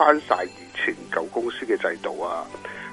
翻晒以前舊公司嘅制度啊，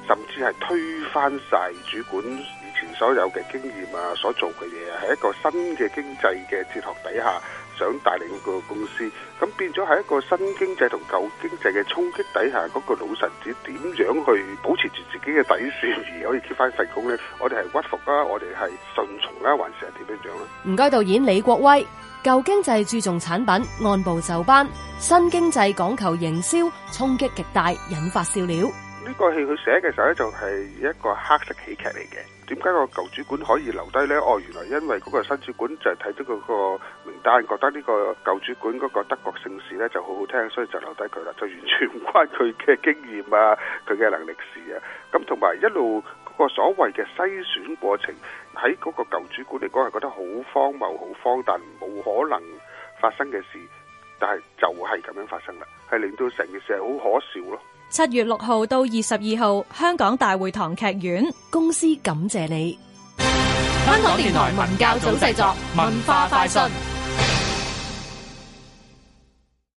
甚至係推翻晒主管以前所有嘅經驗啊，所做嘅嘢喺一個新嘅經濟嘅哲學底下，想帶領個公司，咁變咗喺一個新經濟同舊經濟嘅衝擊底下，嗰個老臣子點樣去保持住自己嘅底線，而可以 keep 翻份工呢？我哋係屈服啊，我哋係順從啦，還是係點樣樣啊？唔該，導演李國威。舊經濟注重產品按部就班，新經濟講求營銷，衝擊極大，引發笑料。呢個戲佢寫嘅時候就係一個黑色喜劇嚟嘅。點解個舊主管可以留低呢？哦，原來因為嗰個新主管就係睇到嗰個名單，覺得呢個舊主管嗰個德國姓氏呢就好好聽，所以就留低佢啦。就完全唔關佢嘅經驗啊，佢嘅能力事啊。咁同埋一路嗰個所謂嘅篩選過程，喺嗰個舊主管嚟講係覺得好荒謬、好荒誕。可能發生嘅事，但係就係咁樣發生啦，係令到成件事係好可笑咯。七月六號到二十二號，香港大會堂劇院公司感謝你。香港電台文教組製作文化快訊。